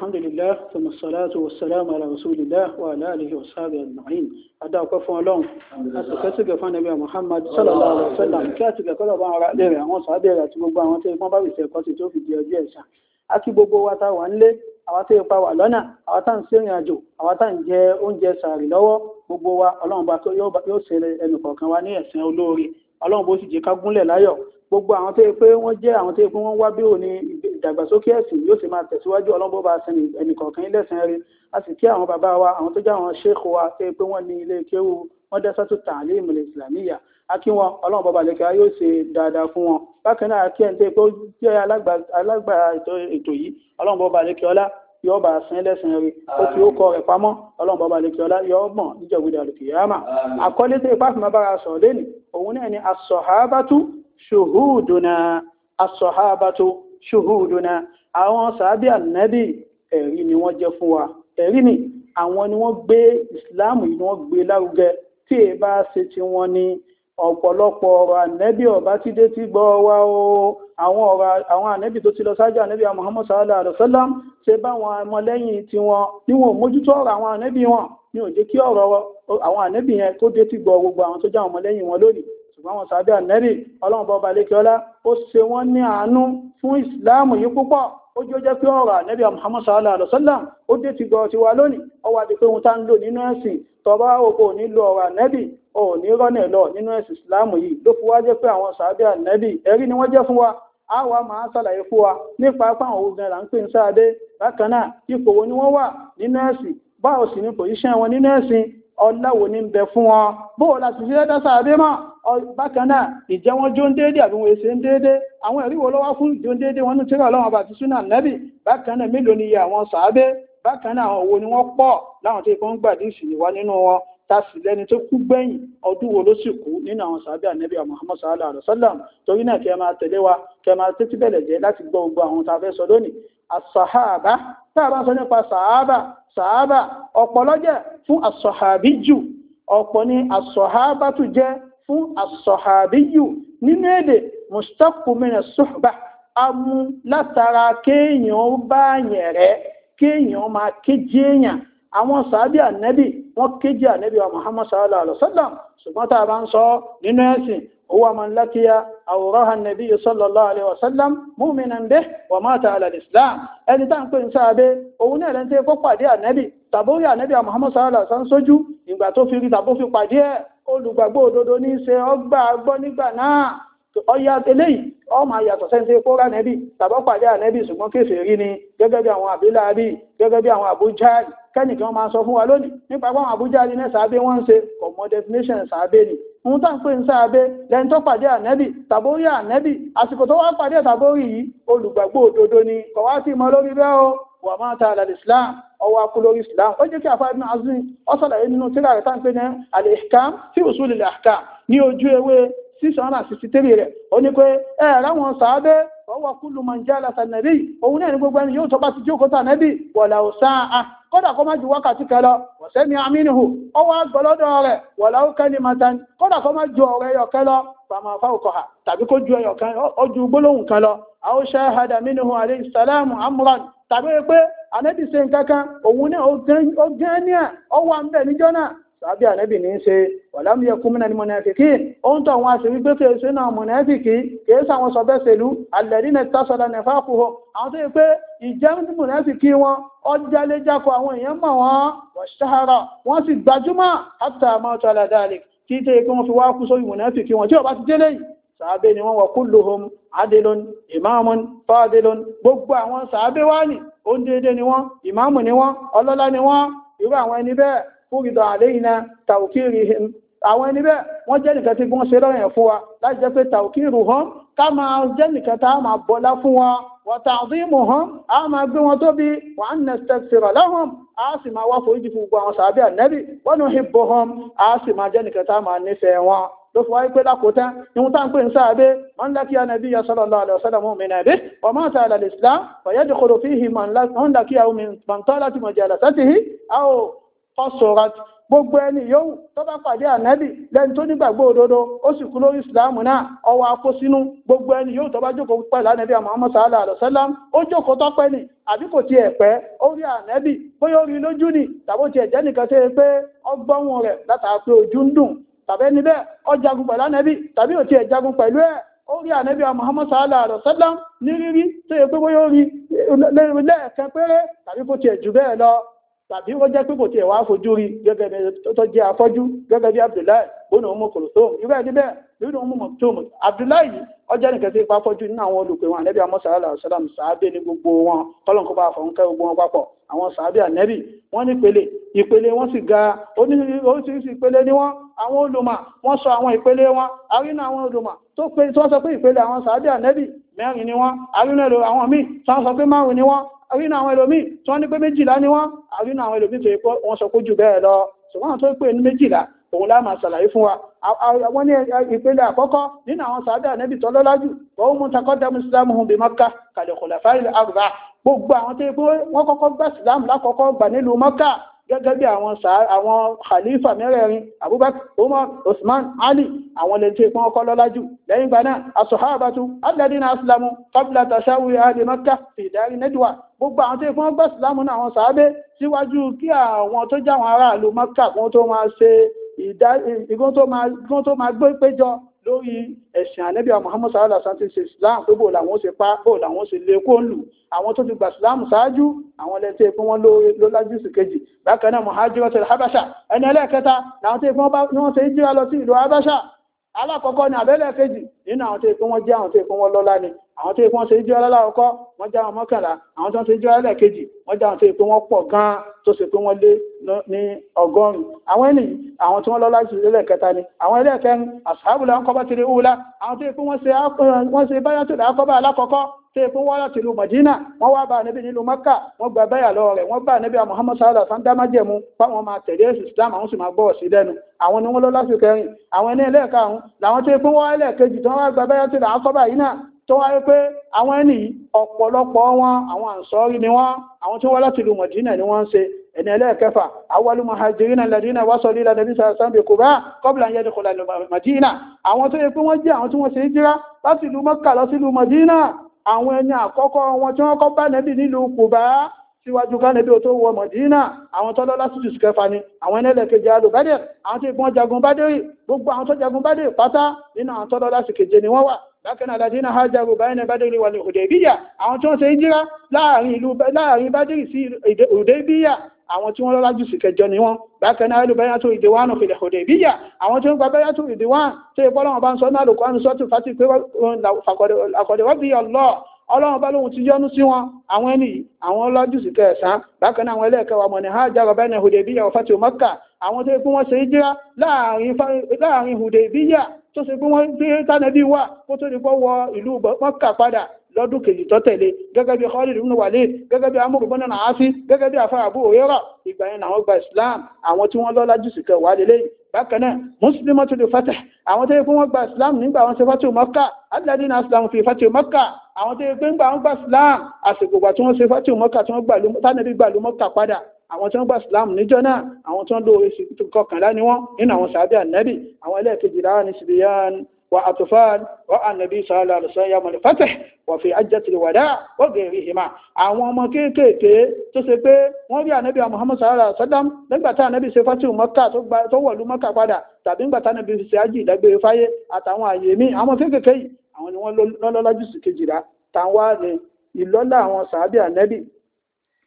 الحمد لله ثم الصلاة والسلام على رسول الله وعلى آله وصحبه أجمعين أدعو كفو لهم أتكسك فنبي محمد صلى الله عليه وسلم كاتك كل بعض رأيه àwọn sàábẹ̀ àti gbogbo àwọn tẹ́ wọ́n bá wìsẹ̀ ẹ̀kọ́ sí tó fi di ọjọ́ ẹ̀san a kí gbogbo wa tá wà nílé àwa tẹ́ ipa wà lọ́nà àwa tá ń sẹ́rìn àjò àwa tá ń jẹ oúnjẹ sàárì lọ́wọ́ gbogbo wa ọlọ́run bá yóò ṣe ẹnì kọ̀ọ̀kan wa ní ẹ̀sìn olóore ọlọ́run bó sì jẹ́ ká gúnlẹ̀ láyọ̀ gbogbo àwọn tó yẹ pé wọ́n jẹ́ àwọn tó yẹ pé wọ́n wá bí òní ìdàgbàsókè ẹ̀sìn yóò sì máa tẹ̀síwájú ọlọ́gbọ́n bá sin ẹnìkọ̀ọ̀kan ilé ẹ̀sìn rí a sì kí àwọn bàbá wa àwọn tó jẹ́ àwọn ṣéèkù wa tó yẹ pé wọ́n ní ilé kéwu wọ́n dá sátú tààlé ìmọ̀lẹ̀ ìsìlámíyà a kí wọn ọlọ́run bàbá lẹ́kẹ́ yóò ṣe dáadáa fún wọn bákan náà kí ẹni tó yẹ pé ó jẹ́ alágbà ètò yìí ọlọ́run bàbá lẹ́kẹ́ ọlá yóò bá sin lẹ́sìn rí ó fi ó kọ rẹ̀ pamọ́ ọlọ́run bàbá lẹ́kẹ́ ọlá yóò mọ̀ níjọ̀gbìdà lùkìyàmà àkọlé tó yẹ pàfìmọ́ bára sọ̀rọ̀ lẹ́nu òun náà ni asọ̀hábátú ṣùhúdùnà asọ̀hábàtò ṣùhúdùnà àwọn sàábì ànábì ẹ̀rí ni wọ́n jẹ́ fún wa ẹ̀rí ni àwọn ni wọ́n gbé ìsìláàmù yìí ni wọ́n gbé lárugẹ tí èé bá ṣe ti wọn ni ọ̀pọ̀lọpọ̀ ọ̀rọ̀ ànẹ́bí ọ̀bá tí dé ti gbọ́ wá o àwọn ọ̀rọ̀ àwọn ànẹ́bí tó ti lọ ṣáájú ànẹ́bí Muhammad sallallahu alaihi wasallam ṣe báwọn ọmọlẹ́yìn tiwọn níwọ̀n mójútó ọ̀rọ̀ àwọn ànẹ́bí wọn ní ó jẹ́ kí ọ̀rọ̀ àwọn ànẹ́bí yẹn kó dé ti gbọ́ gbogbo àwọn tó jẹ́ àwọn ọmọlẹ́yìn wọn lónìí ṣùgbọ́n wọn sàbí ànẹ́rì ọlọ́run bọ́ balẹ̀ kí ọlá ó ṣe wọ́n ní àánú fún ìsìláàmù yìí púpọ̀ ó jẹ́ jẹ́ pé ọ̀rọ̀ ànẹ́bí Muhammad sallallahu alaihi wasallam ó dé ti gbọ́ tiwa lónìí ọwọ́ àti pé ohun tá ń wá jẹ́ pé ọláwò ní bẹ fún wọn bóò láti fi ẹ́dá sàábé mọ́ bákanáà ìjẹ́ wọn jó ń déédé àbí wọn èsè ń déédé àwọn ẹ̀rí wo ló wà fún ìjó ń déédé wọn ní tíra ọlọ́run àti súnà nẹ́bì bákanáà mélòó ni iye àwọn sàábé bákanáà àwọn òwò ni wọ́n pọ̀ láwọn tó kàn gbàdí ìsìn wá nínú wọn tàṣì lẹ́ni tó kú gbẹ̀yìn ọdún wo ló sì kú nínú àwọn sàábé ànẹ́bí Muhammad sallallahu alaihi torí náà kí máa tẹ̀lé wa kí máa tẹ́tí bẹ̀lẹ̀ jẹ́ láti gbọ́ gbogbo àwọn tá a fẹ́ sọ lónìí àṣàhábà tá a bá ń sọ nípa sàhábà sàhábà ọ̀pọ̀ lọ́jẹ́ fún àṣàhábí jù ọ̀pọ̀ ni àṣàhábà tún jẹ́ fún àṣàhábí jù nínú èdè mustapha mẹ́rin sọ́hbà amú látara kéèyàn bá yẹn rẹ̀ kéèyàn máa kéjì èèyàn àwọn sàábì ànẹ́bì wọ́n kéjì ànẹ́bì wa Muhammad sallallahu alaihi wa sallam ṣùgbọ́n tá a bá ń sọ nínú ẹ̀sìn owó amọ̀lákíyà àwòrán nàbí sallallahu alaihi wasallam mu'minan bih wa mata ala islam ẹni tá ń pè ń sáabé òun náà lẹ́ntí kó pàdé ànẹ́bì tàbó rí ànẹ́bì Muhammad sallallahu alaihi wasallam sójú ìgbà tó fi rí tàbó fi pàdé ẹ̀ olùgbàgbọ́ òdodo ní í ṣe ọgbà gbọ́ nígbà náà ọya eléyìí ọmọ ayàtọ̀ sẹ́ńtẹ́ kóra nẹ́bì tàbọ́ pàdé ànẹ́bì ṣùgbọ́n kéfèé rí ni gẹ́gẹ́ bí àwọn àbílà rí gẹ́gẹ́ bí àwọn àbújáàlì kẹ́nì kí wọ́n máa sọ fún wa lónìí nípa báwọn Àbújá ní sàábé wọ́n ń ṣe ọmọ definition sàábé ni ohun tá ń pè ń sàábé lẹ́ni tó pàdé ànẹ́bì tàbórí ànẹ́bì àsìkò tó wá pàdé tàbórí yìí olùgbàgbọ́ òdodo ni kò wá sí mọ lórí bẹ́ẹ̀ o wà máa ta àlàlì Islam ọwọ́ akú lórí Islam ó jẹ́ kí àfáà ibn Azim ó sàlàyé nínú tíra rẹ̀ tá ní al-ihkam fi usul al-ahkam ní ojú ewé 663 rẹ̀ ó ní pé ẹ̀ẹ̀ráwọn sàábé ọwọ́ kúlù mọ̀jálà sànẹ́bì òun náà ní gbogbo ẹni yóò tọ́ bá ti jókòó sànẹ́bì wọ̀là òsáà kódà kó má ju wákàtí kan lọ wọ̀sẹ́mi amínihù ó wá gbọ́lọ́dọ̀ rẹ̀ wọ̀láwó kẹ́ni matan kódà kó má ju ọ̀rẹ́ yọ̀ kẹ́ lọ fàmà fáwọkọ̀ hà tàbí kó ju ẹyọ̀ kan ó ju gbólóhùn kan lọ àwọn kan òun náà ó gẹ́ ní à ó wà sàbí ànẹ́bì ní ṣe wàlámù yẹ kúmínà ní mọ̀nàfìkì ohun tó àwọn àṣírí pé kèèṣe náà mọ̀nàfìkì kèèṣe àwọn sọ̀bẹ́ sèlú alẹ́rìnà tásọ̀dá nẹ̀fà kúhọ àwọn tó yẹ pé ìjẹ́ mọ̀nàfìkì wọn ọjàléjákọ àwọn èèyàn mọ̀ wọn wọ̀ṣáhara wọ́n sì gbajúmọ̀ hátà mọ́tò aládàálì kí tó yẹ kí wọ́n fi wá kú sórí mọ̀nàfìkì wọn tí ọba kúrìdọ̀ àléyìnà tàùkìrì him àwọn ẹni bẹ́ẹ̀ wọ́n jẹ́ nìkan tí wọ́n ṣe lọ́rọ̀ yẹn fún wa láti jẹ́ pé tàùkìrì hàn ká máa jẹ́ nìkan tá a máa bọlá fún wa wọ̀tà àdúyìmù hàn á máa gbé wọn tóbi wà á nà stẹ́sìrọ̀ lọ́hùn á sì máa wá foríjì fún gbogbo àwọn sàábì ànẹ́bì wọ́n ló fi wáyé pé lákòótá ní wọ́n tá ń sáàbé wọ́n lákí ànàbí ya sallallahu alaihi wasallam min abi wa mata ala al-islam fa yadkhulu fihi man lákí àwọn mìíràn tán láti mọ̀jẹ̀ àlàsátìhì àwọn ọ̀sọ̀rọ̀ gbogbo ẹni yòówù tó bá pàdé ànábì lẹ́ni tó nígbàgbọ́ òdodo ó sì kú lórí ìsìláàmù náà ọwọ́ gbogbo ẹni yòówù tó bá jókòó pẹ̀lú ànábì Muhammad sallallahu alaihi wasallam ó jókòó tọ́pẹ́ ni àbí kò tiẹ̀ pẹ́ ó rí bóyá ó rí lójú ni tiẹ̀ jẹ́ nìkan pé ọgbọ́n rẹ̀ pé ojú ń dùn tàbí wọ́n jẹ́ pé kò tiẹ̀ wá fojú rí gẹ́gẹ́ bí tó jẹ́ afọ́jú gẹ́gẹ́ bí abdullahi bónú ọmọ umm kòlótóòmù irú ẹni bẹ́ẹ̀ nínú ọmọ mọ̀tóòmù abdullahi ọjọ́ nìkan sí ipa fọ́jú nínú àwọn olùpẹ̀ wọn ànẹ́bí amọ́ sàálà sàlám sàábé ní gbogbo wọn kọ́lọ́nkọ́ bá fọ́n kẹ́ gbogbo wọn papọ̀ àwọn sàábé ànẹ́bí wọ́n nípele ìpele wọn sì ga oríṣiríṣi ìpele ni wọn àwọn olùmọ̀ wọ́n sọ àwọn ìpele wọn arínà àwọn olùmọ̀ tó pé tí wọ́n sọ pé ìpele àwọn sàábé ànẹ́bí mẹ́rin ni wọn arínà àwọn míì tí wọ́n sọ pé márùn ni wọn àrínà àwọn ẹlòmí tí wọ́n ní pé méjìlá ni wọ́n àrínà àwọn ẹlòmí tó yẹ pé wọ́n sọ kó jù bẹ́ẹ̀ lọ ṣùgbọ́n tó pè ní méjìlá òun láàmà ṣàlàyé fún wa wọ́n ní ìpele àkọ́kọ́ nínú àwọn sàádà nẹ́bì tọ́lọ́lájú wọ́n mú takọ́dá mùsùlámù hùn bí mọ́ká kàlẹ̀kùnlẹ̀ fáìlì àrùbá gbogbo àwọn tó yẹ pé wọ́n kọ́kọ́ gbà sílámù lákọ́kọ́ gbà nílùú mọ́ká gẹ́gẹ́ bí àwọn àwọn khalifa mẹ́rẹ̀ẹ̀rin abubakar umar usman ali àwọn lè tí ìpọn ọkọ lọ́lájú lẹ́yìn ìgbà náà asọ̀hábàtú alladina aslamu qabla tashawi ahli makkah fi dari najwa gbogbo àwọn tí ìpọn gbà sílámù náà àwọn sàábé síwájú kí àwọn tó jáwọn aráàlú makkah wọn tó máa ṣe ìgbọ́n tó máa gbé péjọ lórí ẹ̀sìn ànẹ́bíà muhammad sallallahu alaihi wasallam ti ṣe islam pé bóòlù àwọn ṣe pa bóòlù àwọn ṣe lè kó lù àwọn tó ti gbà islam ṣáájú àwọn ẹlẹ́tẹ́ pé wọ́n ló lájú sí kejì bákan náà muhajirat al-habasha ẹni ẹlẹ́ẹ̀kẹta làwọn tó yẹ pé wọ́n ṣe hijira lọ sí ìlú habasha alákọ̀ọ́kọ́ ni àbẹ́lẹ̀ kejì nínú àwọn tó ikú wọn jẹ́ àwọn tó ikú wọn lọ́lá ni àwọn tó ikú wọn ṣe jẹ́ alákọ̀ọ́kọ́ wọ́n jẹ́ àwọn mọ́kànlá àwọn tó ń ṣe jẹ́ alẹ́ kejì wọ́n jẹ́ àwọn tó ikú wọn pọ̀ gan tó ṣe pé wọ́n lé ní ọgọ́rùn-ún àwọn ẹni àwọn tí wọ́n lọ́lá jù lẹ́lẹ̀ kẹta ni àwọn ẹlẹ́kẹrin àṣàbùlà ń kọ́bá tiri wúlá àwọn tó ikú wọn ṣe báyà tó dákọ́bá alákọ̀ọ́kọ́ tí fún wọ́n láti ìlú Madina wọ́n wá bá níbi nílùú Maka wọ́n gba bẹ́yà lọ́wọ́ rẹ̀ wọ́n bá níbi a Muhammad sallallahu alaihi wasallam dámájẹ̀mú páwọn máa tẹ̀lé èsì Islam àwọn sì máa gbọ́ sí lẹ́nu àwọn ni wọ́n lọ lásìkò kẹrin àwọn ẹni ẹlẹ́ẹ̀karùn làwọn tí fún wọ́n ẹlẹ́ẹ̀kejì tó wá gba bẹ́yà tí là ń kọ́bà yìí náà tó wáyé pé àwọn ẹni ọ̀pọ̀lọpọ̀ wọn àwọn àǹsọ́rí ni wọ́n àwọn tí wọ́n láti ìlú Madina ni wọ́n ń ṣe ẹni ẹlẹ́ẹ̀kẹfà awọlú muhajirina lẹ́dínà wásọ̀ lílà nàbí sàrẹ́sàmbè bá kọ́bìlà ń yẹ́dẹ̀kọ́lá Madina àwọn tó yẹ pé wọ́n jẹ́ àwọn tí wọ́n ṣe hijira láti ìlú Mọ́kà lọ sí ìlú Madina àwọn ẹni àkọ́kọ́ wọn tí wọ́n kọ́ bá nẹ́bì nílùú Kùbá síwájú kánẹ́bí tó wọ Mọ̀dínà àwọn tọ́lọ́lá sí jùsù kẹfà ni àwọn ẹlẹ́lẹ́kejì alùbádẹ́ àwọn tí ìbọn jagun Bádírì gbogbo àwọn tó jagun Bádírì pátá nínú àwọn tọ́lọ́lá sí keje ni wọ́n wà bákan àdájí náà hajjaru báyẹnà bádìrí wà ní òdèbíyà àwọn tí wọ́n ṣe jíra láàrin bádìrí sí òdèbíyà àwọn tí wọ́n lọ́lá jù sí kẹjọ ni wọ́n bákan náà lùbẹ́yà tó ìdíwánu fìlẹ̀ òdèbíyà àwọn tí wọ́n gba bẹ́yà tó ìdíwán tó ìbọ́lọ́wọ́n bá ń sọ náà lùkọ́ ọlọ́run bá lóhun ti yọ́nú sí wọn àwọn ẹni àwọn ọlọ́jù sí kẹsàn-án bákan náà àwọn ẹlẹ́ẹ̀kẹwàá mọ̀ ní hajjá rọ̀bẹ́ ní Hudaybiya wa fatu Makkah àwọn tó yẹ kí wọ́n ṣe hijira láàrin Hudaybiya tó ṣe pé wọ́n gbé tánàbí wà kó tó lè fọ́ wọ ìlú Makkah padà lọ́dún kejì tó tẹ̀lé gẹ́gẹ́ bí Khalid ibn Walid gẹ́gẹ́ bí Amr ibn Al-As gẹ́gẹ́ bí afárá Abu Hurairah ìgbà yẹn làwọn gba Islam àwọn tí wọ́n lọ́lá jù sí kẹwàá lélẹ́yìn bákanáà mùsùlùmí tó lè fàtà àwọn tó yẹ pé wọ́n gba islam nígbà wọn ṣe fàtì mọ́kà aládìní islam fi fàtì mọ́kà àwọn tó yẹ pé ńgbà wọn gba islam àsìkò ìgbà tí wọ́n ṣe fàtì mọ́kà tí wọ́n gbà tánàbí gbà ló mọ́kà padà àwọn tí wọ́n gba islam níjọ́ náà àwọn tí wọ́n lò oṣù kọkànlá ni wọ́n nínú àwọn sàbí ànábì àwọn ẹlẹ́ẹ̀kejì láwọn ní sibiyán وأطفال والنبي صلى الله عليه وسلم يوم الفتح وفي حجة الوداع وغيرهما àwọn ọmọ kéékèèké tó ṣe pé wọ́n rí ànábì Muhammad sallallahu alaihi wasallam nígbà tá ànábì ṣe fátìrù Mọ́kà tó wọ̀lú Mọ́kà padà tàbí nígbà tá ànábì ṣe ájì ìdágbére fáyé àtàwọn àyè míì àwọn kéékèèké yìí àwọn ni wọ́n lọ́lọ́lájú sí kejìlá táwa ni ìlọ́lá àwọn sàábì ànábì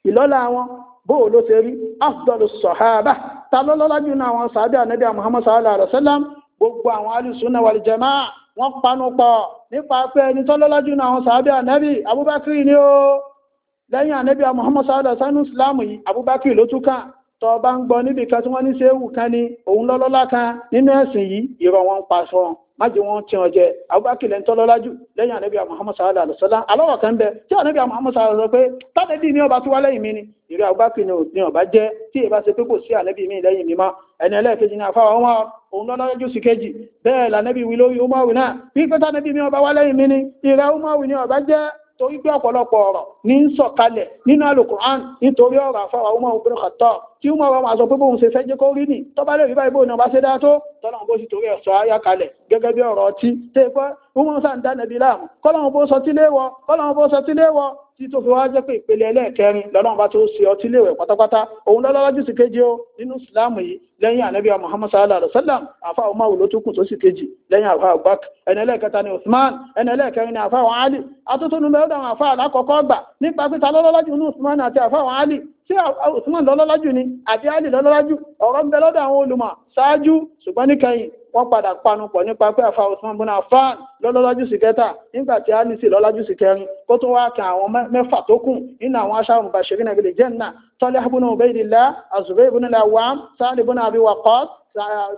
ìlọ́lá àwọn bóò ló ṣe rí afdalus sahaba ta lọ́lọ́lájú náà àwọn sàábì ànábì Muhammad sallallahu alaihi wasallam gbogbo àwọn alùsùnà wal jamaa wọ́n panu pọ̀ nípa pé ẹni tó lọ́lọ́jú náà àwọn sàábì ànẹ́bì abubakar ni ó lẹ́yìn ànẹ́bì muhammad sallallahu alaihi wasallam islam yìí abubakar ló tún kàn tó bá ń gbọ́ níbi kan tí wọ́n ní ni òun lọ́lọ́lá kan nínú ẹ̀sìn yìí irọ́ wọn ń paṣọ májì wọn tí wọn jẹ abubakar lẹ́ni tó lọ́lọ́jú lẹ́yìn ànẹ́bì muhammad sallallahu alaihi wasallam alọ́wọ̀ kan bẹ ni ọba tí wá lẹ́yìn mi ni ìrẹ́ abubakar ni ọba jẹ́ tí ìbá ṣe pé kò sí ànẹ́bì mi lẹ́yìn mi mọ́ òun lọ́nà jù sí kejì bẹ́ẹ̀ lànẹ́bí wí lórí umaru náà bí pẹ́ta nẹ́bí mi ọba wá lẹ́yìn mi ni ìrẹ́ umaru ni ọba jẹ́ torí pé ọ̀pọ̀lọpọ̀ ọ̀rọ̀ ní ń sọ̀kalẹ̀ nínú alukur'an nítorí ọ̀rọ̀ àfọwà umaru bin khattab tí umaru máa sọ pé bóun ṣe fẹ́ jẹ́ kó rí nì tó bá lè rí báyìí bóun ọba ṣe dá tó tọ́lọ́run bó sì torí tí tó fi wá jẹ́ pé ìpele ẹlẹ́ẹ̀kẹrin lọ́nà bá tó ṣe ọtí léwẹ̀ pátápátá òun lọ́lọ́wọ́ jù sí kéje ó nínú ìsìláàmù yìí lẹ́yìn ànábì Muhammad sallallahu alaihi wasallam àfa Umaru ló tún kù tó sì kéjì lẹ́yìn àfa Abubakar ẹni ẹlẹ́ẹ̀kẹta ni Usman ẹni ẹlẹ́ẹ̀kẹrin ni àfa Ali atótónu mẹ́rin àwọn àfa alákọ̀ọ́kọ́ gbà nípa pé ta lọ́lọ́wọ́ jù nínú Usman àti àfa Ali tí Usman lọ́lọ́lájú ni àbí Ali lọ́lọ́lájú ọ̀rọ̀ ń bẹ lọ́dọ̀ àwọn olùmọ̀ ṣáájú ṣùgbọ́n níkẹyìn wọ́n padà panupọ̀ nípa pé àfa Usman bùnà fan lọ́lọ́lájú sí kẹta nígbà tí Ali sì lọ́lájú sí kẹrin kó tó wá kan àwọn mẹ́fà tó kù nínú àwọn aṣáwọn bàṣẹ́rì nàbìlì jẹ́ nà Talha bùnà Ubaydillah Zubayr bùnà Awwam Sa'd bùnà Abi Waqqas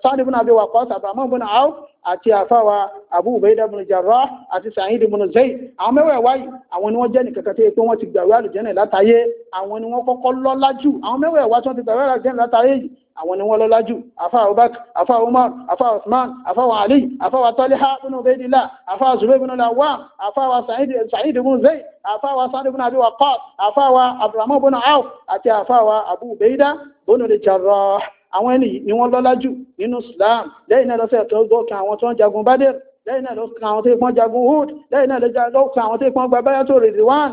sáàdì bùnà àbí wàkọ́ sàbàmọ́ bùnà áwù àti àfáwà àbú ubayda bùnà jàrọ́ àti sa'id bùnà zayd àwọn mẹ́wàá wáyìí àwọn ni wọ́n jẹ́ nìkan kan tó pé wọ́n ti gbàwé àlùjẹ́nà látàyé àwọn ni wọ́n kọ́kọ́ lọ́lá jù àwọn mẹ́wàá wá tí wọ́n ti gbàwé àlùjẹ́nà látàyé yìí àwọn ni wọ́n lọ́lá jù afa abubakar afa umar afa usman afa ali afa taliha bin ubaidillah afa zubair bin lawam afa sa'id sa'id bin zayd afa sa'id bin abi waqas afa abdurrahman bin auf abu ubaida bin al-jarrah àwọn ẹni ni wọ́n lọ́lá jù nínú Islam lẹ́yìn náà lọ́sẹ̀ tó gbọ́kàn àwọn tó ń jagun Badr lẹ́yìn náà lọ́kàn àwọn tó ń jagun tó ń gba Ridwan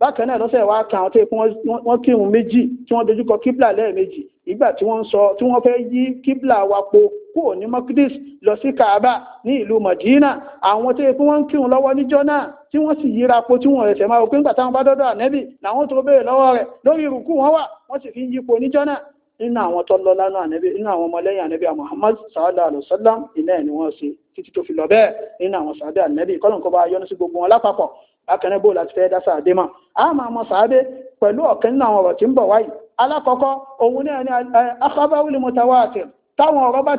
bákan náà lọ́sẹ̀ wá kan àwọn tó wọ́n kírun méjì tí wọ́n dojúkọ kíbla lẹ́ẹ̀mejì ìgbà tí wọ́n ń sọ tí wọ́n fẹ́ yí kíbla wa po kúrò ní mọ́kídís lọ sí kaaba ní ìlú Madina àwọn tó yẹ kí wọ́n ń kírun lọ́wọ́ níjọ́ náà tí wọ́n sì yíra po tí wọ́n rẹ̀sẹ̀ máa pé ńgbà táwọn bá dọ́dọ̀ ànẹ́bì làwọn tó béèrè lọ́wọ́ rẹ̀ lórí ìrùkú wọn wà wọ́n sì fi ń yípo níjọ́ náà nínú àwọn tó lọ́lá náà ànẹ́bí nínú àwọn ọmọlẹ́yìn ànẹ́bí Muhammad sallallahu alaihi wasallam iná ẹ̀ ni wọ́n ṣe títí tó fi lọ bẹ́ẹ̀ nínú àwọn sàábé ànẹ́bí kọ́lùn kó bá yọ́nú sí gbogbo wọn lápapọ̀ akẹ́rẹ́ bó láti fẹ́ dásà àdé mà á máa mọ sàábé pẹ̀lú ọ̀kẹ́ nínú àwọn ọ̀rọ̀ tí ń bọ̀ wáyìí alákọ̀ọ́kọ́ òun náà ni eh, akhabawul mutawatir táwọn ọ̀rọ̀ bá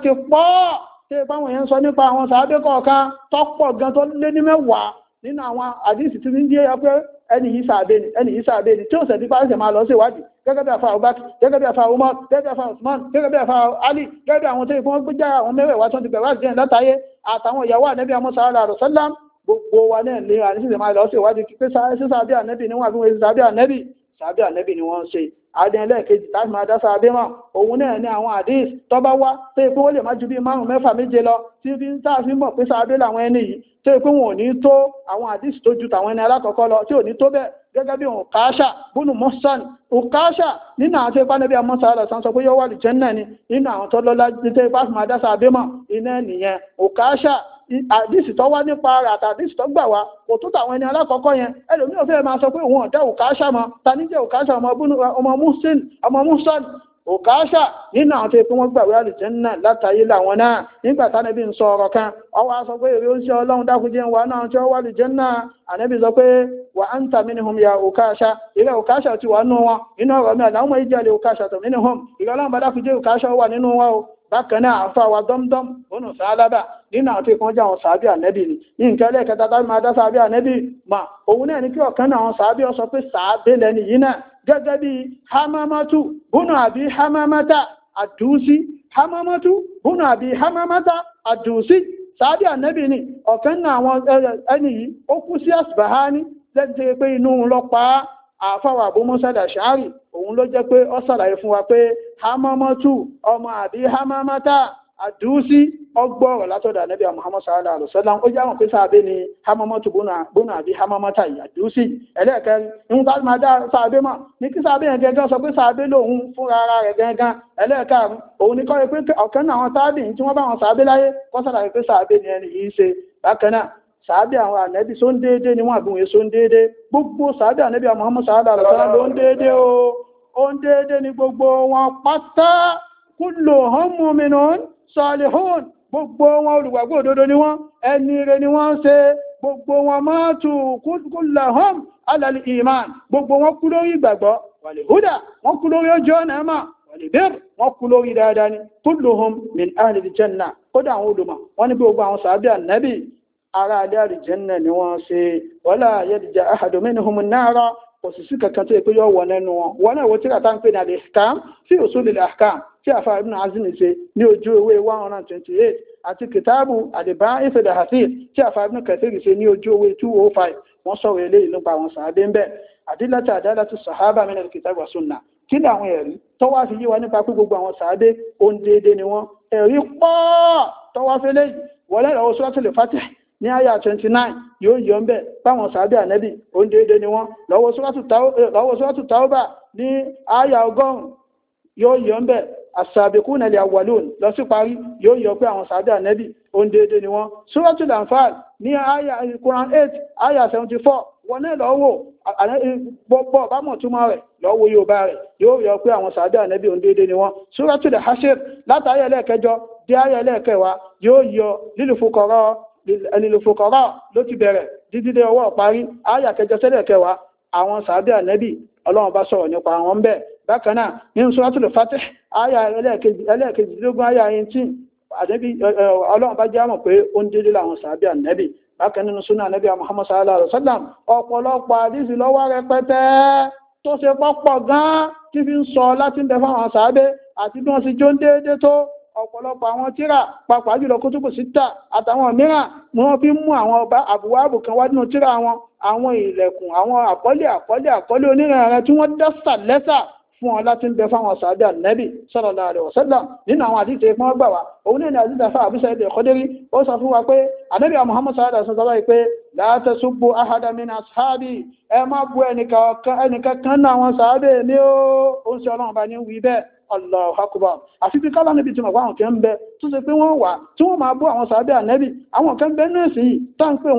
ní mẹ́wàá nínú àwọn ẹni yìí sàbẹ̀ ni ẹni yìí sàbẹ̀ ni tí ó sẹ̀bí pàṣẹ máa lọ sí ìwádìí gẹ́gẹ́ bí àfa Abubakar gẹ́gẹ́ bí àfa Umar gẹ́gẹ́ bí àfa Usman gẹ́gẹ́ bí àfa Ali gẹ́gẹ́ bí àwọn tó yẹ kí wọ́n gbé jára àwọn mẹ́wẹ̀ẹ́wá tó ti bẹ̀rẹ̀ láti jẹun látàyé àtàwọn ìyàwó ànẹ́bí amúsà aláàrọ̀ sọ́lám gbogbo wa náà lè rà ní sísè máa lọ sí ìwádìí pé sísàbí ànẹ́bí ni wọ́n àbí wọ́n sísàbí ànẹ́bí ni wọ́n ṣe adẹ́lẹ́kejì láti máa dá sàbí mọ̀ òun náà ní tó yẹ pé wọn ò ní tó àwọn àdìsí tó ju tàwọn ẹni alákọ̀ọ́kọ́ lọ tí ò ní tó bẹ́ẹ̀ gẹ́gẹ́ bí òkàṣà bùnú mọ́sán òkàṣà nínú àwọn tó ipá níbi àmọ́sá àlọ́sán sọ pé yóò wà lìjẹ́ náà ni nínú àwọn tó lọ́lá tó ipá fún adásá abémọ̀ iná nìyẹn òkàṣà àdìsí tó wá nípa ara àtàdìsí tó gbà wá kò tó tàwọn ẹni alákọ̀ọ́kọ́ yẹn ẹlòmíràn fẹ́ máa sọ pé òun ọ̀dá òkàṣà mọ́ ta ní jẹ́ òkàṣà ọmọ òkáṣà nínú àwọn tó yẹ pé wọ́n gbàwé àlùjànnà látàyé làwọn náà nígbà tánàbí ń sọ ọ̀rọ̀ kan ọwọ́ sọ pé èrè oúnjẹ ọlọ́run dákúnjẹ́ wa náà tí ó wà àlùjànnà ànábì sọ pé wà á ń ta mínihùn ya òkáṣà ilẹ̀ òkáṣà ti wà nù wọn nínú ọ̀rọ̀ mi àláwọn ìjẹ́lẹ̀ òkáṣà tó mínihùn ìrọ̀lọ́run bá dákúnjẹ́ òkáṣà wà nínú wọn o bákan náà àfa wa dọ́mdọ́m nínú àwọn tó ìkan àwọn sàábí ànẹ́bì ni nǹkan ẹlẹ́ẹ̀kẹta tá máa dá sàábí ànẹ́bì mà òun náà ní kí ọ̀kan náà àwọn sàábí sọ pé sàábé lẹni yìí náà gẹ́gẹ́ bí hamamatu bùnà àbí hamamata àdùnsí hamamatu bùnà àbí hamamata àdùnsí sàábí ànẹ́bì ni ọ̀kan náà àwọn ẹni yìí ó kú sí àsìbáhání lẹ́tí pé pa àfáwà Abu Musa al-Ash'ari òun ló jẹ́ pé ó ṣàlàyé fún wa pé hamamatu ọgbọ́rọ̀ látọ̀dọ̀ ànábì Muhammad sallallahu alaihi wasallam ó jáwọn pé sáabé ni hamamatu bónà àbí hamamata ìyàdúsì ẹlẹ́ẹ̀kẹrin ìhun bá máa ní kí sáabé yẹn gẹ́gẹ́ sọ pé sáabé lòun fúnra ara rẹ̀ gẹ́gẹ́ ẹlẹ́ẹ̀kẹrin òun ni pé ọ̀kan náà tí wọ́n bá wọn láyé ni àwọn ànẹ́bí só ń déédé ni wọ́n àbúwẹ̀ só ń déédé gbogbo ànẹ́bí ló o ó ń gbogbo wọn olùgbàgbọ́ òdodo ni wọ́n ẹni rẹ̀ ni wọ́n ń ṣe gbogbo wọn máa tù kúlàhọ́m alàlì ìmán gbogbo wọn kú lórí ìgbàgbọ́ wàlìhúdà wọn kú lórí ojú ọ̀nà ẹ̀mà wọn kú lórí dáadáa ni kúlùhùm min ahli janna kódà àwọn olùmọ̀ wọn ní gbogbo àwọn sàábì ànábì ara adé àlìjẹ́nà ni wọ́n ṣe wala yadja ahadu minhum kò sì sí kankan tó yẹ pé yọ wọ nínú wọn wọn náà wọ́n tíra tí àfa ibn azim ṣe ní ojú ewé one hundred twenty eight àti kìtáàbù àdìbá ìfẹ̀dà hafiz tí àfa ibn kathir ṣe ní ojú ewé two oh five wọ́n sọ̀rọ̀ eléyìí nípa àwọn sàábé ń bẹ̀ àdílátà àdálátà sàhábà mẹ́rin kìtáàbù wa sunna kí ni àwọn ẹ̀rí tọ́wá fi yí wa nípa pé gbogbo àwọn sàábé ohun déédé ni wọ́n ẹ̀rí pọ̀ tọ́wá fẹ́lẹ́ wọlé ìrọ̀wọ́ suratul fatih ní àyà 29 yóò yọ ń bẹ̀ páwọn sàábẹ̀ ànẹ́bì oúnjẹ déédé ni wọ́n lọ́wọ́ sọ́wọ́tù táwọ́bà ní àyà ọgọ́rùn-ún yóò yọ ń bẹ̀ as-sabiquna al-awwalun lọ sí parí yóò yọ pé àwọn sàábì ànẹ́bì òun déédéé ni wọ́n suratul anfal ní àyà quran 8 àyà 74 wọn náà lọ́wọ́ gbogbo ọ̀bámọ̀ túmọ̀ rẹ̀ lọ́wọ́ yorùbá rẹ̀ yóò yọ pé àwọn sàábì ànẹ́bì òun déédéé ni wọ́n suratul hashr látàyà ẹlẹ́ẹ̀kẹjọ dé àyà ẹlẹ́ẹ̀kẹwàá yóò yọ lílù fukọrọ lílù fukọrọ ló ti bẹ̀rẹ̀ dídídé ọwọ́ parí àyà kẹjọ sẹ́lẹ̀ kẹwàá àwọn bákan náà nínú suratul fatih àyà ẹlẹ́ẹ̀kejìlélógún àyà ẹ̀yìn ọlọ́run bá jámọ̀ pé ó ń dédé láwọn sàábí ànẹ́bì bákan nínú súnà ànẹ́bì Muhammad sallallahu alaihi wasallam ọ̀pọ̀lọpọ̀ àdísì lọ́wọ́ rẹpẹtẹ tó ṣe pọ́pọ̀ gan-an tí fi ń sọ láti ń bẹ fáwọn sàábé àti bí wọ́n sì jó ń déédé tó ọ̀pọ̀lọpọ̀ àwọn tíra pàápàá jùlọ kútùbù síta àtàwọn mìíràn ni wọ́n fi mú àwọn ọba àbúwáàbù kan wá nínú tíra wọn àwọn ilẹ̀kùn àwọn àkọlé àkọlé àkọlé onírànrẹ tí wọ́n dásà lẹ́sà fún ọlá tí ń bẹ fáwọn sàádà nẹ́bì sallallahu alaihi wasallam nínú àwọn àdíjẹ ìpọ́n gbà wá òun ní àdíjẹ fún àbúṣẹ́ ìdẹ̀kọ́dérí ó sọ fún wa pé àdẹ́bíà Muhammad sallallahu alaihi wasallam la tasubbu ahada min ashabi ẹ má bú ẹnìkankan náà wọn sàábẹ̀ ní ó ń ṣe ọlọ́run bá ní wí bẹ́ẹ̀ Allahu akbar àfi bí kálá níbi tí mọ̀ àwọn kan bẹ tó ṣe pé wọ́n wà tí wọ́n máa bú àwọn sàábẹ́ ànẹ́bì àwọn kan bẹ náà sí táǹpé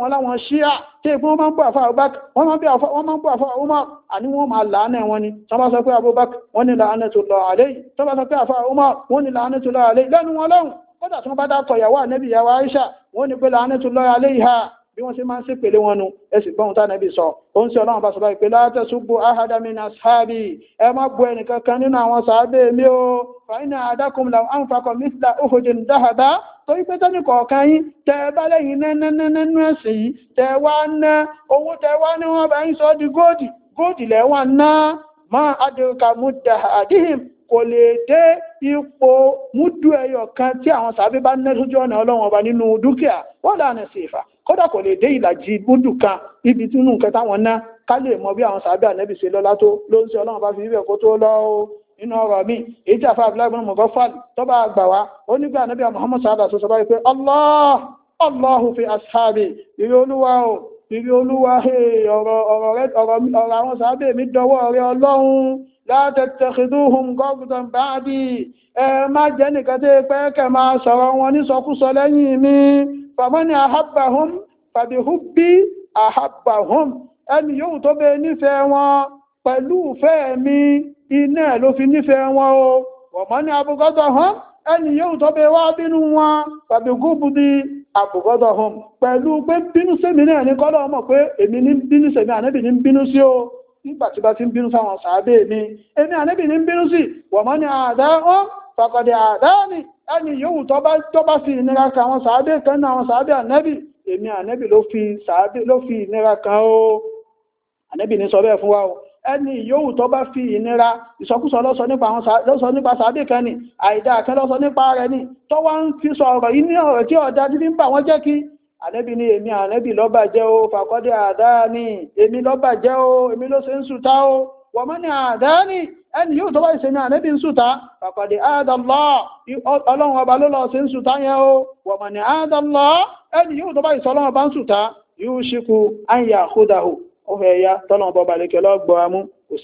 wọn láwọn ṣíà tí èpé wọ́n máa ń bú àfà Abubakar wọ́n máa ń bú àfà Umar àní wọ́n máa làánà wọn ni tó bá sọ pé Abubakar wọ́n ní la'natullahi alayhi tó bá sọ pé àfà Umar wọ́n ní la'natullahi alayhi lẹ́nu wọn lọ́hùn kódà tí wọ́n bá dákọ̀ ìyàwó ànẹ́bì ìyàwó Aisha wọ́n ní pé la'natullahi alayha bí wọ́n ṣe máa ń ṣe pèlé wọn nu ẹsì gbọ́n tá nẹ́bí sọ òun sí ọlọ́run bá sọ báyìí pé látẹ̀sùgbò ahadamin ashabi ẹ má bu ẹnìkan kan nínú àwọn sàábé mi o fàínà àdákùn làwọn àǹfààkọ mithla uhudin dáhàbá torí pé tẹ́nì kọ̀ọ̀kan yín tẹ́ ẹ bá lẹ́yìn nẹ́nẹ́nẹ́nú ẹ̀sìn yìí tẹ́ wá ná owó kò lè dé ipò múdú ẹyọ kan tí àwọn sàábé bá ń ná ọ̀nà ọlọ́run ọba nínú dúkìá wọ́n dà ní sí ìfà kódà kò lè dé ìlàjì múdù kan ibi tí nǹkan táwọn ná ká lè mọ bí àwọn sàábẹ́ ànẹ́bì ṣe lọ́lá tó ló ń ṣe ọlọ́run bá fi bíbẹ̀ kó tó lọ́ o nínú ọ̀rọ̀ mi èyí tí àfa abdullahi mọ̀gọ́ fà tọ́ba àgbà ó nígbà ànẹ́bì Muhammad sàábà sọ sọ báyìí pé Allah Allah fi ashabi ìrẹ́ olúwa o ìrẹ́ olúwa ọ̀rọ̀ àwọn sàábẹ́ mi dọwọ́ rẹ ọlọ́run látẹ̀tẹ̀kìdúhùn gọ́gùdàn báàbí ẹ má jẹ́ nìkan tẹ́ pẹ́ kẹ máa sọ̀rọ̀ wọn ní sọkúsọ lẹ́yìn mi fàmọ́ni àhábàhùn fàbíhùbí àhábàhùn ẹni yóò tó bẹ nífẹ̀ẹ́ wọn pẹ̀lú ìfẹ́ mi iná ẹ̀ ló fi nífẹ̀ẹ́ wọn o wọ̀mọ́ni abúgọ́dọ̀hùn ẹni yóò tó bẹ wá nígbà tí bá ti ń bínú sáwọn sàábé mi èmi ànábì ní ń bínú sí wọ̀n mọ́ ni àdá ó fàkọ̀dé àdá ni ẹni yòówù tó bá fi ìnira kan àwọn sàábé kan náà àwọn sàábé ànábì èmi ànábì ló fi sàábé ló fi ìnira kan ó ànábì ní sọ bẹ́ẹ̀ fún wa o ẹni yòówù tó bá fi ìnira ìsọkúsọ lọ́sọ nípa sàábé kan ni àìdá kan lọ́sọ nípa rẹ̀ ni tó wá ń fi sọ ọ̀rọ̀ yìí ní ọ̀rọ̀ tí ọ̀dá dídí ń bà wọ́n jẹ́ kí ànẹ́bí ni èmi ànẹ́bí lọ́bàjẹ́ o fàkọ́dé àdáni èmi lọ́bàjẹ́ o èmi ló ṣe ń sùtá o wọ́n mọ́ ní àdáni ẹni yóò tó bá ìṣẹ́mi ànẹ́bí ń sùtá fàkọ́dé àdàlọ́ ọlọ́run ọba ló lọ ṣe ń sùtá yẹn o wọ́n mọ́ ní àdàlọ́ ẹni yóò tó bá ìṣẹ́ ọlọ́run ọba ń sùtá yóò ṣíkú àyà àkódàhù ọfẹ́ ẹ̀yà tọ́lọ́run bọ́ balẹ̀kẹ́ lọ́gbọ̀ amú kò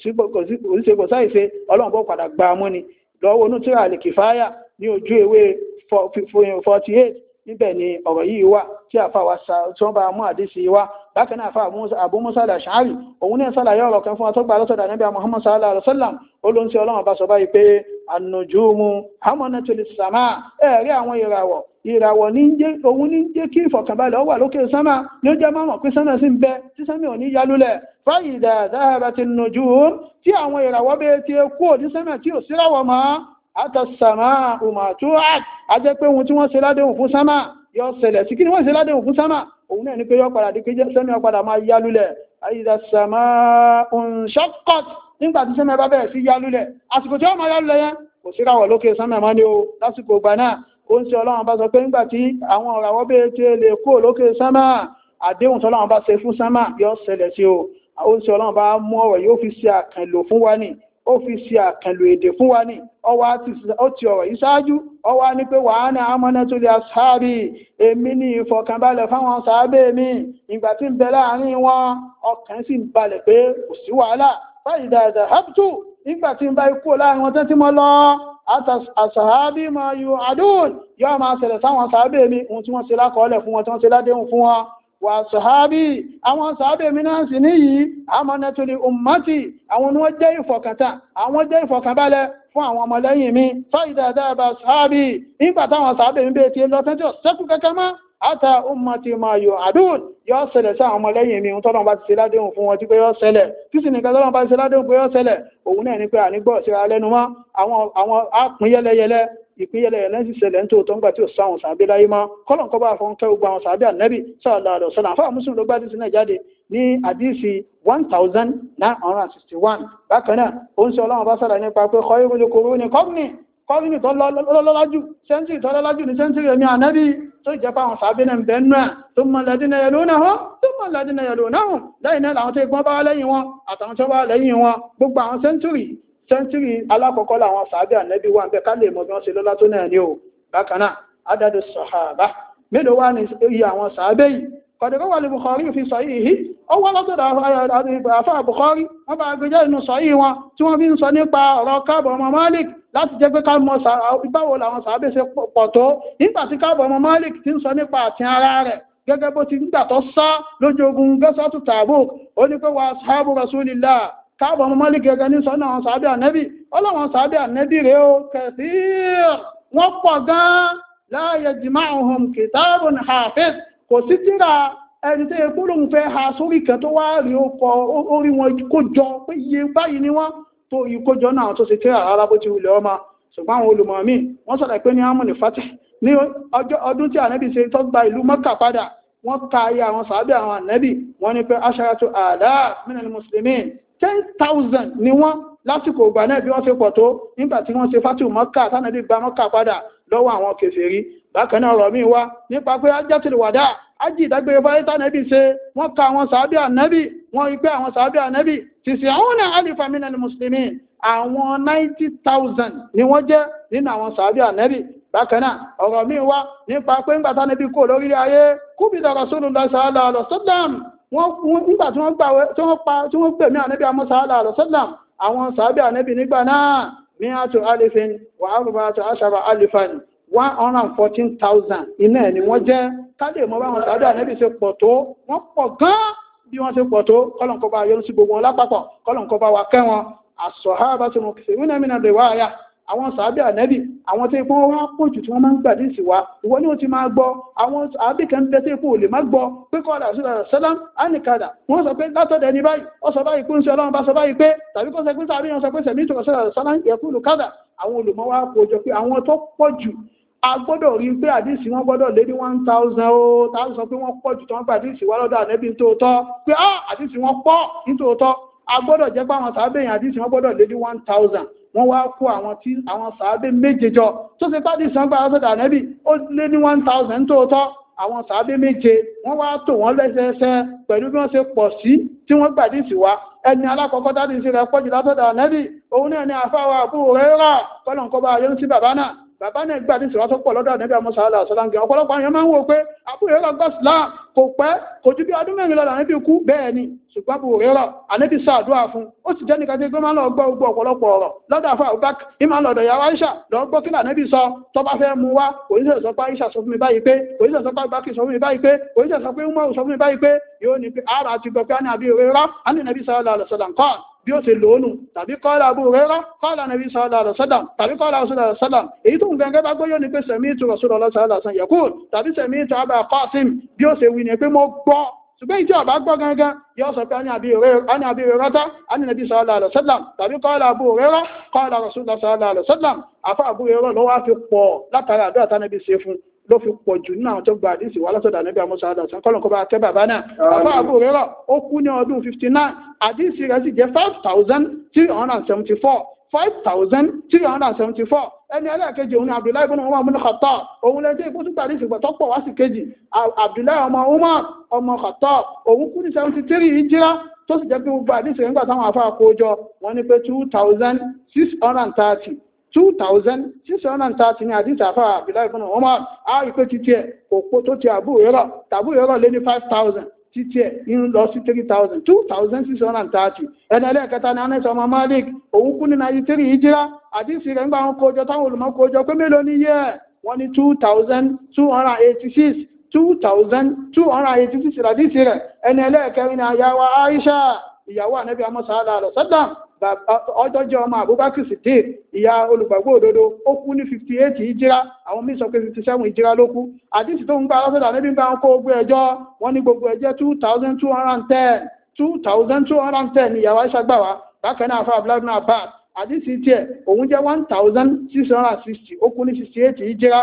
sí kò sáìṣe ọlọ́run bọ́ padà gba amú ni lọ́wọ́ onú tí àlè kìfáyà 48 níbẹ̀ ni ọ̀rọ̀ yìí wà tí àfàwà tí wọ́n bá mú àdísì wá bákan náà àfà Abu Musa al-Ash'ari òun náà sàlàyé ọ̀rọ̀ kan fún wa tó lọ́sọ̀dà Ànábì Muhammad sallallahu alaihi wasallam ó ló ń ṣe ọlọ́run bá sọ báyìí pé an-nujumu hamannatul sama ẹ̀rí àwọn ìràwọ̀ ìràwọ̀ ní jẹ́ òun ní jẹ́ kí ìfọ̀kànbalẹ̀ ó wà lókè sánmà ní ó jẹ́ márùn-ún pé sánmà sí ń bẹ tí sánmà ò ní yálúlẹ̀ fáyìdà zahabatin nujum tí àwọn ìràwọ̀ bẹ́ẹ̀ ti kú òdí sánmà tí ò síràwọ̀ àtàsàmà òmàtúwàt a jẹ́ pé ohun tí wọ́n se ládéhùn fún sámà yọ ṣẹlẹ̀ sí kí ni wọ́n ṣe ládéhùn fún sámà òun náà ni pé yọ padà di pé sẹ́mi ọpadà máa yá lulẹ̀ àìdàsàmà òǹṣọ́kọ̀t nígbà tí sẹ́mi bá bẹ̀rẹ̀ sí yá lulẹ̀ àsìkò tí wọ́n máa yá lulẹ̀ yẹn kò sí ráwọ̀ lókè sámà o lásìkò ìgbà náà ó ń ṣe ọlọ́run bá sọ pé nígbà tí àwọn ọ̀ràwọ́ bẹ́ẹ̀ tí lè kó lókè sámà àdéhùn tọ́lọ́run bá ṣe fún sámà yọ ṣẹlẹ̀ sí o ó ń ṣe ó fi ṣe àkànlò èdè fún wa ní ọwọ́ àti ọ̀rọ̀ yìí ṣáájú ọwọ́ ní pé wàhánà amọ́nẹ́tòlì àṣàbì èmi ní ìfọ̀kànbalẹ̀ fáwọn sàábẹ́ mi ìgbà tí ń bẹ láàrin wọn ọkàn sì ń balẹ̀ pé kò sí wàhálà báyìí dáadáa haptu nígbà tí ń bá ikú láàrin wọn tán tí lọ àṣàhábí mọ̀ yóò àdúùn yóò máa ṣẹlẹ̀ sáwọn sàábẹ́ mi ohun tí wọ́n ṣe lákọọ́lẹ̀ fún wọn tí wọ́n ṣe ládéhùn fún wọn wà sọ̀hábì àwọn sàábì mìíràn ni. níyìí amọ̀nẹ́tòlì ummati àwọn ni wọ́n jẹ́ ìfọ̀kàntà àwọn jẹ́ ìfọ̀kànbalẹ̀ fún àwọn ọmọlẹ́yìn mi fáyidà dáàbà sọ̀hábì nígbà táwọn sàábì mi bẹ́ẹ̀ ti lọ́tẹ́ tí ó sẹ́kù kẹ́kẹ́ mọ́ àtà ummati ma yọ àdúhùn yóò ṣẹlẹ̀ sí àwọn ọmọlẹ́yìn mi tọ́lọ́n bá ti ṣe ládéhùn fún wọn tí pé yóò ṣẹlẹ̀ títí nìkan tọ́lọ́n bá ti ṣe ládéhùn pé yóò ṣẹlẹ̀ òun náà ní pé ànígbọ́ síra lẹ́nu mọ́ àwọn àpín yẹlẹyẹlẹ ìpínyẹlẹ rẹ̀ lẹ́sìn ṣẹlẹ̀ nítorí tó ń gbà tí ò sáwọn sàbí láyé mọ́ kọ́lọ̀ ń kọ́ bá fọ́n kẹ́ gbogbo àwọn sàbí ànẹ́bì sallallahu alaihi wasallam fáwọn mùsùlùmí ló gbá dísì náà jáde ní àdísì one thousand nine hundred and sixty one bákan náà ó ń sọ ọlọ́run bá sọ̀rọ̀ nípa pé kọ́ irú kúrú ni kọ́ọ̀nì kọ́ọ̀nì tó lọ́lọ́lájú sẹ́ńtì tó lọ́lájú ní sẹ́ńtì rẹ̀ ní ànẹ́bì tó jẹ́ fáwọn sàbí náà bẹ́ẹ̀ náà tó mọ lẹ́dínà yẹlò náà hàn tó mọ lẹ́dínà yẹlò náà hàn lẹ́yìn náà làwọn tó gbọ́n bá lẹ́yìn wọn àtàwọn tó bá lẹ́yìn wọn gbogbo àwọn sẹ́ńtùrì sẹ́ńtúrì alákọ̀ọ́kọ́ làwọn sàábẹ́ ànẹ́bí wà ń bẹ ká lè mọ bí wọ́n ṣe lọ́lá tó náà ní o bákan náà adadu sọ̀hábà mélòó wà ní iye àwọn sàábẹ́ yìí kọ̀dẹ̀kọ́ wà ní Bukhari fi sọ yìí hí ó wá lọ́sọ̀dọ̀ àfà Bukhari wọ́n bá gbé jẹ́ inú sọ yìí wọn tí wọ́n fi ń sọ nípa ọ̀rọ̀ káàbọ̀ ọmọ Malik láti káàbọ̀ ọmọ mọ́lì gẹ́gẹ́ ní sọ́nà àwọn sàábì ànẹ́bì ọlọ́wọ́n sàábì ànẹ́bì rẹ̀ ó wọ́n pọ̀ gan láàyè jìmá ohun kìtàbùn hafiz kò sí tíra ẹni ha sórí kan tó wá rí ọkọ̀ orí wọn kójọ pé iye báyìí ni wọ́n tó ìkójọ náà tó bó ti wulẹ̀ ọmọ ṣùgbọ́n àwọn olùmọ̀ mi wọ́n sọ̀rọ̀ pé ní amúnì ní ọdún tí ànẹ́bì ṣe tó ka ayé àwọn àwọn ànẹ́bì wọ́n ní pé aṣáájú 10,000 ni wọ́n lásìkò ìgbà náà bí wọ́n ṣe pọ̀ tó nígbà tí wọ́n ṣe fátì mọ́kà tánàbí gba mọ́kà padà lọ́wọ́ àwọn kèfèrí bákan náà ọ̀rọ̀ mi wá nípa pé ajátìlú wàdà ájì ìdágbére fáyé tánàbí ṣe wọ́n ka àwọn sàábì ànábì wọ́n rí pé àwọn sàábì ànábì ti sì ni wọ́n jẹ́ nínú àwọn sàábì ànábì bákan náà ọ̀rọ̀ mi wá nípa pé ńgbà tánàbí kò lórí ayé kúbìdà rasulullah sallallahu wọ́n nígbà tí wọ́n gbàwẹ̀ tí wọ́n pa tí wọ́n gbẹ̀mí ànẹ́bí amọ́sàálà àlọ́sọ́làm àwọn sàábẹ̀ ànẹ́bí nígbà náà ní àtò alifin wà áàrùbá àtò àṣàbà alifan 114,000 iná ẹ̀ ni wọ́n jẹ́ kádé mọ́ báwọn sàábẹ̀ ànẹ́bí ṣe pọ̀ tó wọ́n pọ̀ gan-an bí wọ́n ṣe pọ̀ tó kọ́lọ̀nkọ́ bá yọrù sí gbogbo wọn lápapọ̀ kọ́lọ̀nkọ́ bá wa kẹ́ wọn àṣọ̀hábà tó mọ̀ kìsì àwọn sàábì ànẹ́bì àwọn tó ipò wọn pọ̀ jù tí wọ́n máa ń gbà díìsì wa ìwọ ni ó ti máa gbọ́ àwọn sàábì kan bẹ tó ipò ò lè má gbọ́ pé kọ́ọ̀dà sílẹ̀ sẹ́lám ánìkadà wọ́n sọ pé látọ̀dọ̀ ẹni báyìí ó sọ báyìí pé ń sọ ọlọ́run bá sọ báyìí pé tàbí kó sọ pé sàábì yẹn sọ pé sẹ̀mí ìtòkọ̀ sílẹ̀ sẹ́lám yẹkùlù kádà àwọn olùmọ̀ wa kò jọ pé àwọn tó pọ̀ jù a gbọ́dọ̀ rí pé àdìsí wọn gbọ́dọ̀ lé ní one thousand o táwọn sọ pé wọ́n pọ̀ jù tí wọ́n gba àdìsí wa lọ́dọ̀ ànẹ́bí nítòótọ́ pé ah, àdìsí wọn pọ̀ nítòótọ́ a gbọ́dọ̀ jẹ́ pé àwọn sàábẹ̀yìn àdìsí wọn gbọ́dọ̀ lé ní one thousand wọ́n wá kó àwọn tí àwọn sàábé méje jọ tó ṣe tádì sàǹgbà ọ̀sọ̀dà nẹ́bì ó lé ní 1000 tóótọ́ àwọn sàábé méje wọ́n wá tò wọ́n lẹ́sẹẹsẹ pẹ̀lú bí wọ́n ṣe pọ̀ sí tí wọ́n gbàdí sí wa ẹni alákọ̀ọ́kọ́ tádì sí rẹ̀ pọ̀jù látọ̀dà nẹ́bì òun náà ni àfáwà àbúrò rẹ̀ rà kọ́lọ̀ ń kọ́ bá yóò sí bàbá náà bàbá náà gbà ní ìsìnwá tó pọ̀ lọ́dọ̀ àdẹ́gbẹ́ ọmọ sàálà àṣọláńgẹ ọ̀pọ̀lọpọ̀ àwọn máa ń wò pé àbúrò rẹ̀ gbà sílá kò pẹ́ kò ju bí ọdún mẹ́rin lọ́dọ̀ àníbi kú bẹ́ẹ̀ ni ṣùgbọ́n àbúrò rẹ̀ rọ̀ àníbi sàdúrà fún ó sì jẹ́ nìkan tí pé máa ń lọ gbọ́ gbọ́ ọ̀pọ̀lọpọ̀ ọ̀rọ̀ lọ́dọ̀ àfọ àbúbák ìmọ̀ lọ́dọ̀ yàrá Aisha lọ gbọ́ kí lànàbì sọ tó bá fẹ́ mu wá òyìnbó sọ pé Aisha sọ fún mi báyìí pé òyìnbó sọ pé Bákì sọ fún mi báyìí pé òyìnbó sọ pé Umar sọ fún mi báyìí pé yóò ní pé ara ti gbọ́ pé a ní àbí òwe rá a ní nàbí sọ bí ó ṣe lónù tàbí kọ́lá Abu Hurairah kọ́lá nàbí sọ́lá sọ́dàm tàbí kọ́lá ọ̀sọ́lá sọ́dàm èyí tó ń gẹ́gẹ́ bá gbóyò ní pé sẹ̀mí ìtù Rasulullah sọ́lá sàn yẹ̀kú tàbí sẹ̀mí ìtù Aba Qasim bí ó ṣe wí ni pé mo gbọ́ ṣùgbọ́n ìtì ọ̀bá gbọ́ gangan yóò sọ pé a ní àbí rẹ̀ rọ́tá a ní nàbí sọ́lá sọ́dàm ló fi pọ̀ jù nínú àwọn tó gba àdìsí wa lọ́sọ̀dà níbi àmúṣà àdàsán kọ́lọ̀ bá tẹ́ bàbá náà bàbá àbú rẹ̀ rọ̀ ó kú ní ọdún fifty nine rẹ̀ sì jẹ́ five thousand ẹni ẹlẹ́ẹ̀kejì òun ni abdullahi ibn umar ibn khattab òun lẹ́jẹ́ ikú tó gbàdí ìsìnkú tọ́pọ̀ wá sí kejì abdullahi ọmọ umar ọmọ khattab òun kú ní seventy three tó sì jẹ́ pé gbogbo àdìsí rẹ̀ nígbà táwọn afá kó jọ wọ́n ní pé two 2630 ní àdíjà àfà àbílá ìfúnà wọ́n máa á rí pé títí ẹ̀ òpó tó ti àbú ìrọ̀ tàbú ìrọ̀ lé ní 5000 títí ẹ̀ ń lọ sí 3000 2630 ẹni ẹlẹ́ẹ̀kẹta ní anẹ́sọ ọmọ Malik òun kú ní 93 ìjírá àdísì rẹ̀ ń gbà wọn kójọ táwọn olùmọ̀ kójọ pé mélòó ní yẹ́ ẹ̀ wọ́n ní 2286 2286 àdísì rẹ̀ ẹni ẹlẹ́ẹ̀kẹrin ni àyàwó Aisha ìyàwó ànẹ́bí amọ́sàálà rẹ̀ sọ́dọ̀ ọjọ́ jẹ́ ọmọ Abubakar Siddiq ìyá olùgbàgbọ́ òdodo ó kú ní 58 eight ìjírá àwọn míín sọ pé fifty ìjírá ló kú tó ń gba aláfẹ́dà níbi ń bá ń kó ẹjọ́ wọ́n ní gbogbo ẹjẹ́ 2,210 2,210 ìyàwó ní 68 ìjírá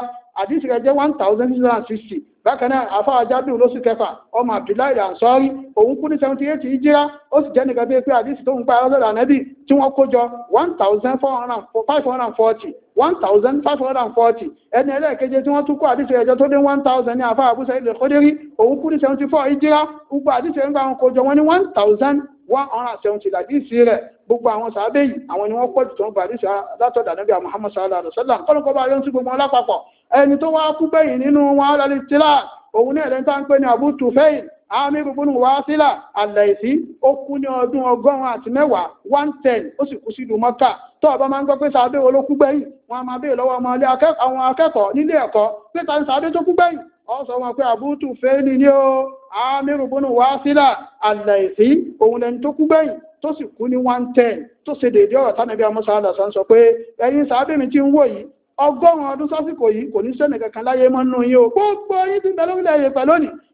rẹ̀ bákanáà àfáà jábìrì lóṣù kẹfà ọmọ abdullahi ansori òun kú ní 78 ìjírá ó sì jẹ́ bí pé àdísì tó ń pa ọlọ́dọ̀ ànábì tí wọ́n kó jọ 1540 ẹni ẹlẹ́ẹ̀keje tí wọ́n tún kó àdíṣe ẹjọ́ tó dé 1000 ní àfáà àbúṣe ilẹ̀ kódérí òun kú ní 74 ìjírá gbogbo àdíṣe ń one hundred and seventy làdíìsì rẹ̀ gbogbo àwọn sàábé yìí àwọn ni wọ́n pọ̀jù tó ń bàdíìsì látọ̀dà níbi Muhammad sallallahu alaihi wasallam kọ́lọ́kọ́ bá yọ́n sí gbogbo wọn lápapọ̀ ẹni tó wá kú bẹ́yìn nínú wọn alálẹ́ tílà òun náà lẹ́ńtà ń Amiru bin Wasila Al-Laythi ó kú ní ọdún ọgọ́rùn-ún àti mẹ́wàá one ten ó sì kú sílùú Mọ́kà tó ọba máa ń gbọ́ pé sàádé wo ló kú gbẹ̀yìn wọn a máa béèrè lọ́wọ́ ọmọ àwọn akẹ́kọ̀ọ́ nílé ẹ̀kọ́ pé ta ni sàádé tó kú gbẹ̀yìn ọ sọ wọn pé àbútù fẹ́ẹ́lì ni ó Amiru bin Wasila Al-Laythi òun lẹni tó kú tó sì kú ní one ten tó ṣe dèédé ọ̀rọ̀ tánàbí amúsá àdàsá ń sọ pé ẹ̀yin sàádé mi ti ń wò yìí ọgọ́rùn-ún ọdún sásìkò yìí kò ní sẹ́nì kankan láyé mọ́ nù yín gbogbo yín ti bẹ lórílẹ̀ èdè pẹ̀lú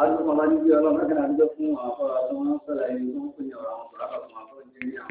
àwọn tó kọ́ ọlọ́run náà kẹ́nà àdúgbò fún àwọn afọ́ra tó wọ́n sọ̀rọ̀ ẹni tó ń pè ní àwọn ọ̀rọ̀ àbàkùn àbọ̀ ìjẹ́rìí àwọn.